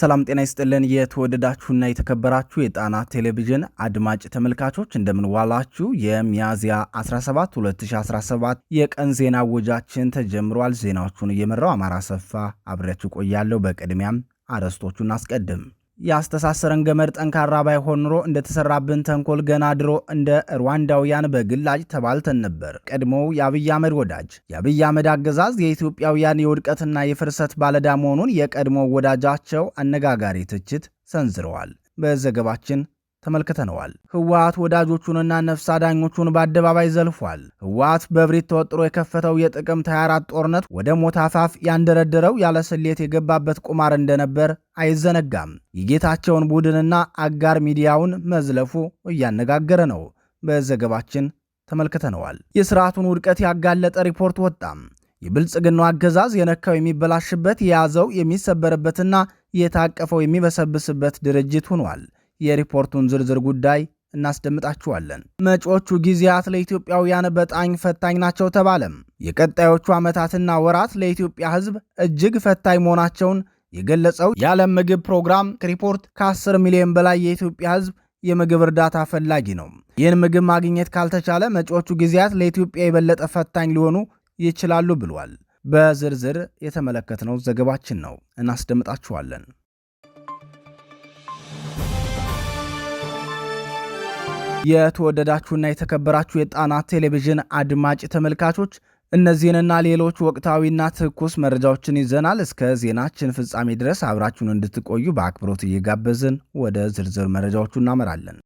ሰላም ጤና ይስጥልን። የተወደዳችሁና የተከበራችሁ የጣና ቴሌቪዥን አድማጭ ተመልካቾች እንደምንዋላችሁ። የሚያዝያ 17 2017 የቀን ዜና ወጃችን ተጀምሯል። ዜናዎቹን እየመራው አማራ ሰፋ አብሬያችሁ ቆያለሁ። በቅድሚያም አርዕስቶቹን አስቀድም የአስተሳሰረን ገመድ ጠንካራ ባይሆን ኑሮ እንደተሰራብን ተንኮል ገና ድሮ እንደ ሩዋንዳውያን በግላጭ ተባልተን ነበር። ቀድሞው የአብይ አህመድ ወዳጅ የአብይ አህመድ አገዛዝ የኢትዮጵያውያን የውድቀትና የፍርሰት ባለዳ መሆኑን የቀድሞ ወዳጃቸው አነጋጋሪ ትችት ሰንዝረዋል። በዘገባችን ተመልክተነዋል። ህወሓት ወዳጆቹንና ነፍስ አዳኞቹን በአደባባይ ዘልፏል። ህወሓት በብሪት ተወጥሮ የከፈተው የጥቅምት 24 ጦርነት ወደ ሞት አፋፍ ያንደረደረው ያለ ስሌት የገባበት ቁማር እንደነበር አይዘነጋም። የጌታቸውን ቡድንና አጋር ሚዲያውን መዝለፉ እያነጋገረ ነው። በዘገባችን ተመልክተነዋል። የስርዓቱን ውድቀት ያጋለጠ ሪፖርት ወጣም። የብልጽግናው አገዛዝ የነካው የሚበላሽበት የያዘው የሚሰበርበትና የታቀፈው የሚበሰብስበት ድርጅት ሆኗል። የሪፖርቱን ዝርዝር ጉዳይ እናስደምጣችኋለን። መጪዎቹ ጊዜያት ለኢትዮጵያውያን በጣኝ ፈታኝ ናቸው ተባለም። የቀጣዮቹ ዓመታትና ወራት ለኢትዮጵያ ሕዝብ እጅግ ፈታኝ መሆናቸውን የገለጸው የዓለም ምግብ ፕሮግራም ሪፖርት ከ10 ሚሊዮን በላይ የኢትዮጵያ ሕዝብ የምግብ እርዳታ ፈላጊ ነው። ይህን ምግብ ማግኘት ካልተቻለ መጪዎቹ ጊዜያት ለኢትዮጵያ የበለጠ ፈታኝ ሊሆኑ ይችላሉ ብሏል። በዝርዝር የተመለከትነው ዘገባችን ነው፣ እናስደምጣችኋለን። የተወደዳችሁና የተከበራችሁ የጣና ቴሌቪዥን አድማጭ ተመልካቾች እነዚህንና ሌሎች ወቅታዊና ትኩስ መረጃዎችን ይዘናል። እስከ ዜናችን ፍጻሜ ድረስ አብራችሁን እንድትቆዩ በአክብሮት እየጋበዝን ወደ ዝርዝር መረጃዎቹ እናመራለን።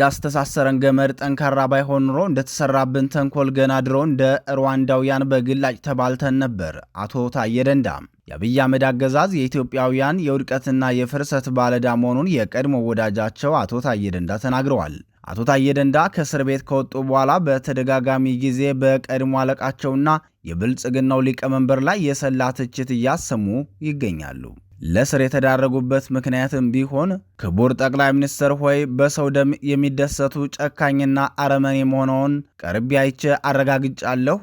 ያስተሳሰረን ገመድ ጠንካራ ባይሆን ኑሮ እንደተሰራብን ተንኮል ገና ድሮ እንደ ሩዋንዳውያን በግላጭ ተባልተን ነበር። አቶ ታዬ ደንዳም የአብይ አህመድ አገዛዝ የኢትዮጵያውያን የውድቀትና የፍርሰት ባለዳ መሆኑን የቀድሞ ወዳጃቸው አቶ ታዬ ደንዳ ተናግረዋል። አቶ ታዬ ደንዳ ከእስር ቤት ከወጡ በኋላ በተደጋጋሚ ጊዜ በቀድሞ አለቃቸውና የብልጽግናው ሊቀመንበር ላይ የሰላ ትችት እያሰሙ ይገኛሉ። ለእስር የተዳረጉበት ምክንያትም ቢሆን ክቡር ጠቅላይ ሚኒስትር ሆይ በሰው ደም የሚደሰቱ ጨካኝና አረመኔ መሆነውን ቀርቤ አይቼ አረጋግጫለሁ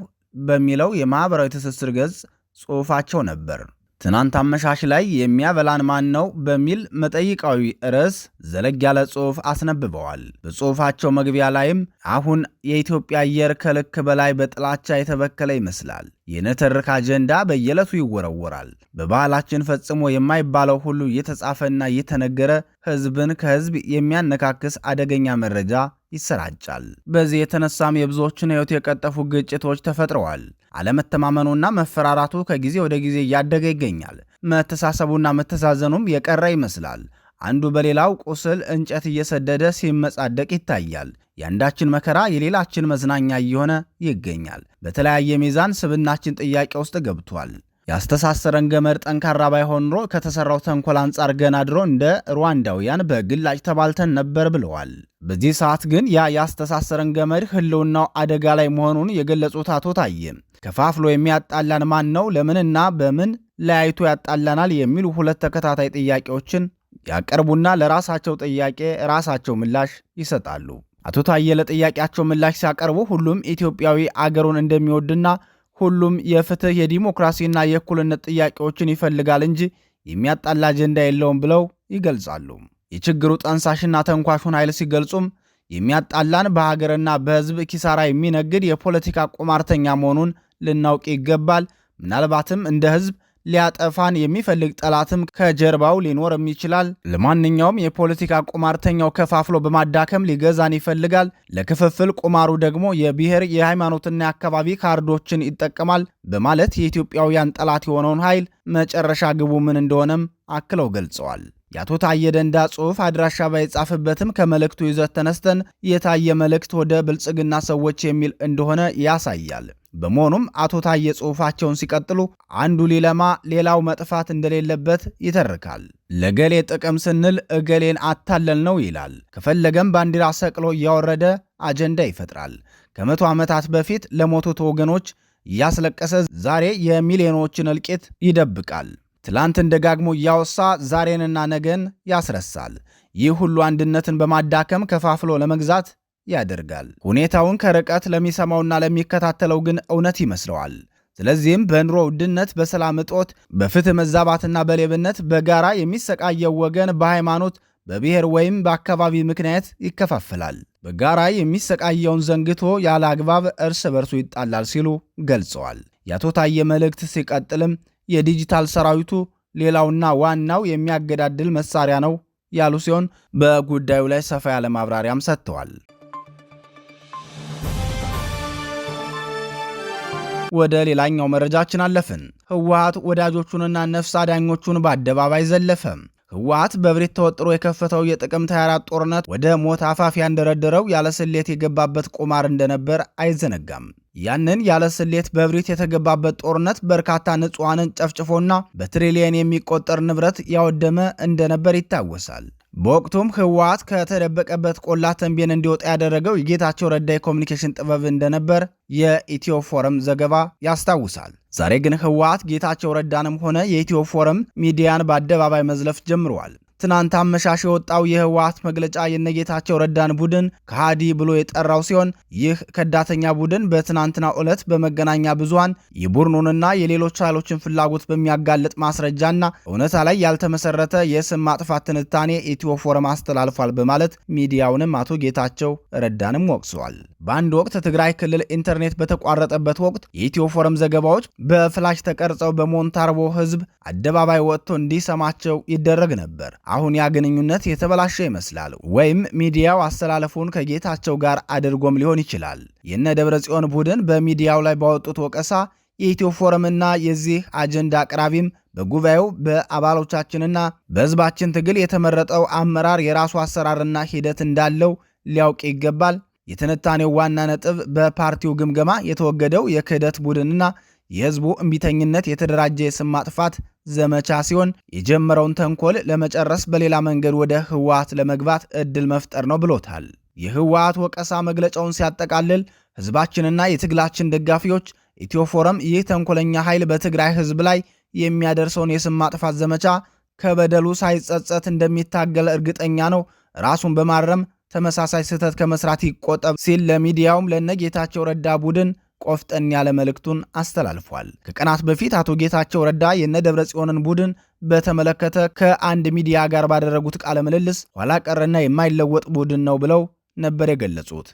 በሚለው የማኅበራዊ ትስስር ገጽ ጽሑፋቸው ነበር። ትናንት አመሻሽ ላይ የሚያበላን ማን ነው በሚል መጠይቃዊ ርዕስ ዘለግ ያለ ጽሑፍ አስነብበዋል። በጽሑፋቸው መግቢያ ላይም አሁን የኢትዮጵያ አየር ከልክ በላይ በጥላቻ የተበከለ ይመስላል፣ የንትርክ አጀንዳ በየዕለቱ ይወረወራል፣ በባህላችን ፈጽሞ የማይባለው ሁሉ እየተጻፈና እየተነገረ ሕዝብን ከሕዝብ የሚያነካክስ አደገኛ መረጃ ይሰራጫል። በዚህ የተነሳም የብዙዎችን ሕይወት የቀጠፉ ግጭቶች ተፈጥረዋል። አለመተማመኑና መፈራራቱ ከጊዜ ወደ ጊዜ እያደገ ይገኛል። መተሳሰቡና መተዛዘኑም የቀረ ይመስላል። አንዱ በሌላው ቁስል እንጨት እየሰደደ ሲመጻደቅ ይታያል። የአንዳችን መከራ የሌላችን መዝናኛ እየሆነ ይገኛል። በተለያየ ሚዛን ስብናችን ጥያቄ ውስጥ ገብቷል። ያስተሳሰረን ገመድ ጠንካራ ባይሆን ኖሮ ከተሰራው ተንኮል አንጻር ገና ድሮ እንደ ሩዋንዳውያን በግላጭ ተባልተን ነበር ብለዋል። በዚህ ሰዓት ግን ያ ያስተሳሰረን ገመድ ሕልውናው አደጋ ላይ መሆኑን የገለጹት አቶ ታዬ ከፋፍሎ የሚያጣላን ማን ነው? ለምንና በምን ለያይቶ ያጣላናል? የሚሉ ሁለት ተከታታይ ጥያቄዎችን ያቀርቡና ለራሳቸው ጥያቄ ራሳቸው ምላሽ ይሰጣሉ። አቶ ታዬ ለጥያቄያቸው ምላሽ ሲያቀርቡ ሁሉም ኢትዮጵያዊ አገሩን እንደሚወድና ሁሉም የፍትህ የዲሞክራሲና የእኩልነት ጥያቄዎችን ይፈልጋል እንጂ የሚያጣላ አጀንዳ የለውም ብለው ይገልጻሉ። የችግሩ ጠንሳሽና ተንኳሹን ኃይል ሲገልጹም የሚያጣላን በሀገርና በህዝብ ኪሳራ የሚነግድ የፖለቲካ ቁማርተኛ መሆኑን ልናውቅ ይገባል። ምናልባትም እንደ ህዝብ ሊያጠፋን የሚፈልግ ጠላትም ከጀርባው ሊኖርም ይችላል። ለማንኛውም የፖለቲካ ቁማርተኛው ከፋፍሎ በማዳከም ሊገዛን ይፈልጋል። ለክፍፍል ቁማሩ ደግሞ የብሔር የሃይማኖትና የአካባቢ ካርዶችን ይጠቀማል በማለት የኢትዮጵያውያን ጠላት የሆነውን ኃይል መጨረሻ ግቡ ምን እንደሆነም አክለው ገልጸዋል። የአቶ ታየ ደንዳ ጽሑፍ አድራሻ ባይጻፍበትም ከመልእክቱ ይዘት ተነስተን የታየ መልእክት ወደ ብልጽግና ሰዎች የሚል እንደሆነ ያሳያል። በመሆኑም አቶ ታየ ጽሑፋቸውን ሲቀጥሉ አንዱ ሊለማ ሌላው መጥፋት እንደሌለበት ይተርካል። ለገሌ ጥቅም ስንል እገሌን አታለል ነው ይላል። ከፈለገም ባንዲራ ሰቅሎ እያወረደ አጀንዳ ይፈጥራል። ከመቶ ዓመታት በፊት ለሞቱት ወገኖች እያስለቀሰ ዛሬ የሚሊዮኖችን እልቂት ይደብቃል። ትላንትን ደጋግሞ እያወሳ ዛሬንና ነገን ያስረሳል። ይህ ሁሉ አንድነትን በማዳከም ከፋፍሎ ለመግዛት ያደርጋል። ሁኔታውን ከርቀት ለሚሰማውና ለሚከታተለው ግን እውነት ይመስለዋል። ስለዚህም በኑሮ ውድነት፣ በሰላም እጦት፣ በፍትህ መዛባትና በሌብነት በጋራ የሚሰቃየው ወገን በሃይማኖት በብሔር ወይም በአካባቢ ምክንያት ይከፋፈላል። በጋራ የሚሰቃየውን ዘንግቶ ያለ አግባብ እርስ በርሱ ይጣላል ሲሉ ገልጸዋል። የአቶ ታዬ መልእክት ሲቀጥልም የዲጂታል ሰራዊቱ ሌላውና ዋናው የሚያገዳድል መሳሪያ ነው ያሉ ሲሆን በጉዳዩ ላይ ሰፋ ያለ ማብራሪያም ሰጥተዋል። ወደ ሌላኛው መረጃችን አለፍን። ህወሓት ወዳጆቹንና ነፍስ አዳኞቹን በአደባባይ ዘለፈ። ህወሀት በብሬት ተወጥሮ የከፈተው የጥቅምት 24 ጦርነት ወደ ሞት አፋፍ ያንደረደረው ያለ ስሌት የገባበት ቁማር እንደነበር አይዘነጋም። ያንን ያለ ስሌት በብሪት የተገባበት ጦርነት በርካታ ንጹሐንን ጨፍጭፎና በትሪሊየን የሚቆጠር ንብረት ያወደመ እንደነበር ይታወሳል። በወቅቱም ህወሓት ከተደበቀበት ቆላ ተንቤን እንዲወጣ ያደረገው የጌታቸው ረዳ የኮሚኒኬሽን ጥበብ እንደነበር የኢትዮ ፎረም ዘገባ ያስታውሳል። ዛሬ ግን ህወሓት ጌታቸው ረዳንም ሆነ የኢትዮ ፎረም ሚዲያን በአደባባይ መዝለፍ ጀምረዋል። ትናንት አመሻሽ የወጣው የህወሓት መግለጫ የነጌታቸው ረዳን ቡድን ከሃዲ ብሎ የጠራው ሲሆን ይህ ከዳተኛ ቡድን በትናንትና ዕለት በመገናኛ ብዙሃን የቡድኑንና የሌሎች ኃይሎችን ፍላጎት በሚያጋልጥ ማስረጃና እውነታ ላይ ያልተመሰረተ የስም ማጥፋት ትንታኔ ኢትዮ ፎረም አስተላልፏል በማለት ሚዲያውንም አቶ ጌታቸው ረዳንም ወቅሰዋል። በአንድ ወቅት ትግራይ ክልል ኢንተርኔት በተቋረጠበት ወቅት የኢትዮ ፎረም ዘገባዎች በፍላሽ ተቀርጸው በሞንታርቦ ህዝብ አደባባይ ወጥቶ እንዲሰማቸው ይደረግ ነበር። አሁን ያ ግንኙነት የተበላሸ ይመስላል። ወይም ሚዲያው አስተላለፉን ከጌታቸው ጋር አድርጎም ሊሆን ይችላል። የነ ደብረ ጽዮን ቡድን በሚዲያው ላይ ባወጡት ወቀሳ የኢትዮ ፎረምና የዚህ አጀንዳ አቅራቢም በጉባኤው በአባሎቻችንና በሕዝባችን ትግል የተመረጠው አመራር የራሱ አሰራርና ሂደት እንዳለው ሊያውቅ ይገባል። የትንታኔው ዋና ነጥብ በፓርቲው ግምገማ የተወገደው የክህደት ቡድንና የህዝቡ እምቢተኝነት የተደራጀ የስም ማጥፋት ዘመቻ ሲሆን የጀመረውን ተንኮል ለመጨረስ በሌላ መንገድ ወደ ህወሀት ለመግባት እድል መፍጠር ነው ብሎታል። የህወሀት ወቀሳ መግለጫውን ሲያጠቃልል ህዝባችንና የትግላችን ደጋፊዎች ኢትዮፎረም ይህ ተንኮለኛ ኃይል በትግራይ ህዝብ ላይ የሚያደርሰውን የስም ማጥፋት ዘመቻ ከበደሉ ሳይጸጸት እንደሚታገል እርግጠኛ ነው። ራሱን በማረም ተመሳሳይ ስህተት ከመስራት ይቆጠብ ሲል ለሚዲያውም ለነጌታቸው ረዳ ቡድን ቆፍጠን ያለ መልእክቱን አስተላልፏል። ከቀናት በፊት አቶ ጌታቸው ረዳ ደብረ ጽዮንን ቡድን በተመለከተ ከአንድ ሚዲያ ጋር ባደረጉት ቃለ ምልልስ ኋላ ቀርና የማይለወጥ ቡድን ነው ብለው ነበር የገለጹት።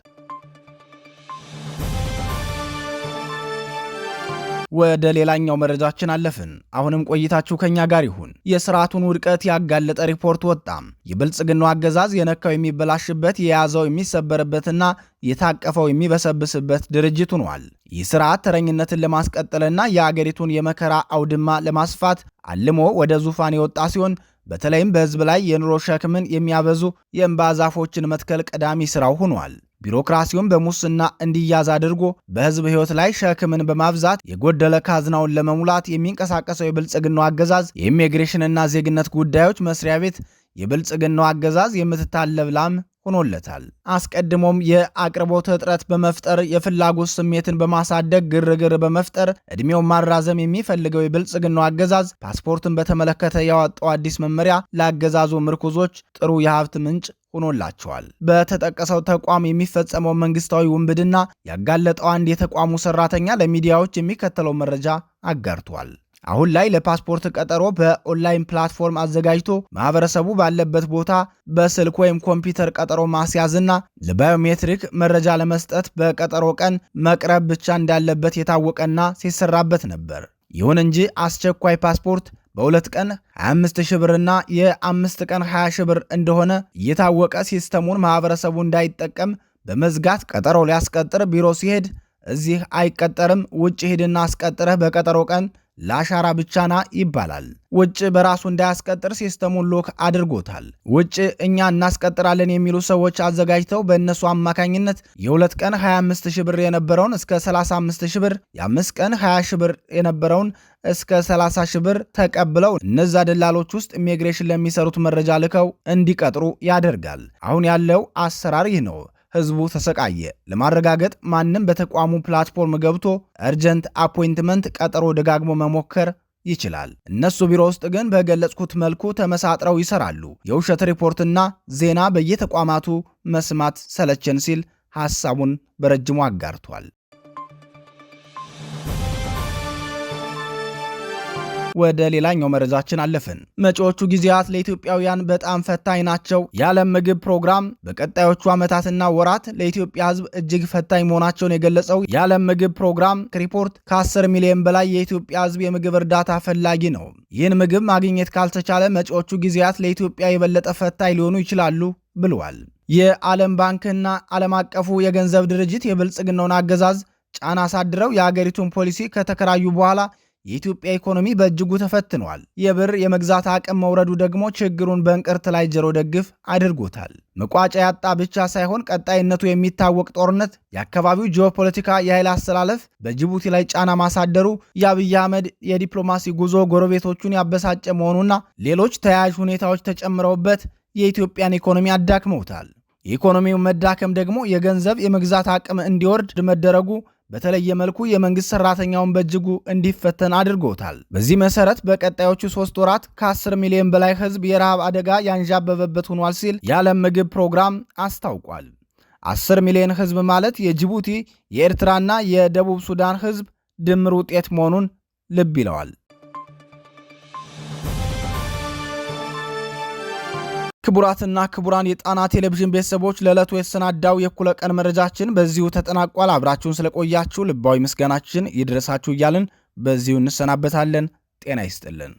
ወደ ሌላኛው መረጃችን አለፍን። አሁንም ቆይታችሁ ከኛ ጋር ይሁን። የስርዓቱን ውድቀት ያጋለጠ ሪፖርት ወጣም። የብልጽግናው አገዛዝ የነካው የሚበላሽበት፣ የያዘው የሚሰበርበትና የታቀፈው የሚበሰብስበት ድርጅት ሆኗል። ይህ ስርዓት ተረኝነትን ለማስቀጠልና የአገሪቱን የመከራ አውድማ ለማስፋት አልሞ ወደ ዙፋን የወጣ ሲሆን በተለይም በህዝብ ላይ የኑሮ ሸክምን የሚያበዙ የእንባ ዛፎችን መትከል ቀዳሚ ስራው ሆኗል። ቢሮክራሲውን በሙስና እንዲያዝ አድርጎ በህዝብ ህይወት ላይ ሸክምን በማብዛት የጎደለ ካዝናውን ለመሙላት የሚንቀሳቀሰው የብልጽግናው አገዛዝ የኢሚግሬሽንና ዜግነት ጉዳዮች መስሪያ ቤት የብልጽግናው አገዛዝ የምትታለብ ላም ሆኖለታል። አስቀድሞም የአቅርቦት እጥረት በመፍጠር የፍላጎት ስሜትን በማሳደግ ግርግር በመፍጠር እድሜው ማራዘም የሚፈልገው የብልጽግናው አገዛዝ ፓስፖርትን በተመለከተ ያወጣው አዲስ መመሪያ ለአገዛዙ ምርኩዞች ጥሩ የሀብት ምንጭ ሆኖላቸዋል። በተጠቀሰው ተቋም የሚፈጸመው መንግስታዊ ውንብድና ያጋለጠው አንድ የተቋሙ ሰራተኛ ለሚዲያዎች የሚከተለው መረጃ አጋርቷል። አሁን ላይ ለፓስፖርት ቀጠሮ በኦንላይን ፕላትፎርም አዘጋጅቶ ማህበረሰቡ ባለበት ቦታ በስልክ ወይም ኮምፒውተር ቀጠሮ ማስያዝና ለባዮሜትሪክ መረጃ ለመስጠት በቀጠሮ ቀን መቅረብ ብቻ እንዳለበት የታወቀና ሲሰራበት ነበር። ይሁን እንጂ አስቸኳይ ፓስፖርት በሁለት ቀን 25 ሺህ ብርና የአምስት ቀን 20 ሺህ ብር እንደሆነ እየታወቀ ሲስተሙን ማህበረሰቡ እንዳይጠቀም በመዝጋት ቀጠሮ ሊያስቀጥር ቢሮ ሲሄድ እዚህ አይቀጠርም፣ ውጭ ሂድና አስቀጥረህ በቀጠሮ ቀን ለአሻራ ብቻና ይባላል። ውጭ በራሱ እንዳያስቀጥር ሲስተሙን ሎክ አድርጎታል። ውጭ እኛ እናስቀጥራለን የሚሉ ሰዎች አዘጋጅተው በእነሱ አማካኝነት የሁለት ቀን 25 ሺህ ብር የነበረውን እስከ 35 ሺህ ብር፣ የአምስት ቀን 20 ሺህ ብር የነበረውን እስከ 30 ሺህ ብር ተቀብለው እነዛ ደላሎች ውስጥ ኢሚግሬሽን ለሚሰሩት መረጃ ልከው እንዲቀጥሩ ያደርጋል። አሁን ያለው አሰራር ይህ ነው። ህዝቡ ተሰቃየ። ለማረጋገጥ ማንም በተቋሙ ፕላትፎርም ገብቶ እርጀንት አፖይንትመንት ቀጠሮ ደጋግሞ መሞከር ይችላል። እነሱ ቢሮ ውስጥ ግን በገለጽኩት መልኩ ተመሳጥረው ይሰራሉ። የውሸት ሪፖርትና ዜና በየተቋማቱ መስማት ሰለቸን ሲል ሐሳቡን በረጅሙ አጋርቷል። ወደ ሌላኛው መረጃችን አለፍን። መጪዎቹ ጊዜያት ለኢትዮጵያውያን በጣም ፈታኝ ናቸው። የዓለም ምግብ ፕሮግራም በቀጣዮቹ ዓመታትና ወራት ለኢትዮጵያ ሕዝብ እጅግ ፈታኝ መሆናቸውን የገለጸው የዓለም ምግብ ፕሮግራም ሪፖርት ከ10 ሚሊዮን በላይ የኢትዮጵያ ሕዝብ የምግብ እርዳታ ፈላጊ ነው። ይህን ምግብ ማግኘት ካልተቻለ መጪዎቹ ጊዜያት ለኢትዮጵያ የበለጠ ፈታኝ ሊሆኑ ይችላሉ ብለዋል። የዓለም ባንክና ዓለም አቀፉ የገንዘብ ድርጅት የብልጽግናውን አገዛዝ ጫና አሳድረው የአገሪቱን ፖሊሲ ከተከራዩ በኋላ የኢትዮጵያ ኢኮኖሚ በእጅጉ ተፈትኗል። የብር የመግዛት አቅም መውረዱ ደግሞ ችግሩን በእንቅርት ላይ ጆሮ ደግፍ አድርጎታል። መቋጫ ያጣ ብቻ ሳይሆን ቀጣይነቱ የሚታወቅ ጦርነት፣ የአካባቢው ጂኦፖለቲካ የኃይል አሰላለፍ በጅቡቲ ላይ ጫና ማሳደሩ የአብይ አህመድ የዲፕሎማሲ ጉዞ ጎረቤቶቹን ያበሳጨ መሆኑና ሌሎች ተያያዥ ሁኔታዎች ተጨምረውበት የኢትዮጵያን ኢኮኖሚ አዳክመውታል። የኢኮኖሚው መዳከም ደግሞ የገንዘብ የመግዛት አቅም እንዲወርድ መደረጉ በተለየ መልኩ የመንግስት ሰራተኛውን በእጅጉ እንዲፈተን አድርጎታል። በዚህ መሰረት በቀጣዮቹ ሶስት ወራት ከ10 ሚሊዮን በላይ ህዝብ የረሃብ አደጋ ያንዣበበበት ሆኗል ሲል የዓለም ምግብ ፕሮግራም አስታውቋል። 10 ሚሊዮን ህዝብ ማለት የጅቡቲ የኤርትራና የደቡብ ሱዳን ህዝብ ድምር ውጤት መሆኑን ልብ ይለዋል። ክቡራትና ክቡራን የጣና ቴሌቪዥን ቤተሰቦች ለዕለቱ የተሰናዳው የእኩለ ቀን መረጃችን በዚሁ ተጠናቋል። አብራችሁን ስለቆያችሁ ልባዊ ምስጋናችን ይድረሳችሁ እያልን በዚሁ እንሰናበታለን። ጤና ይስጥልን።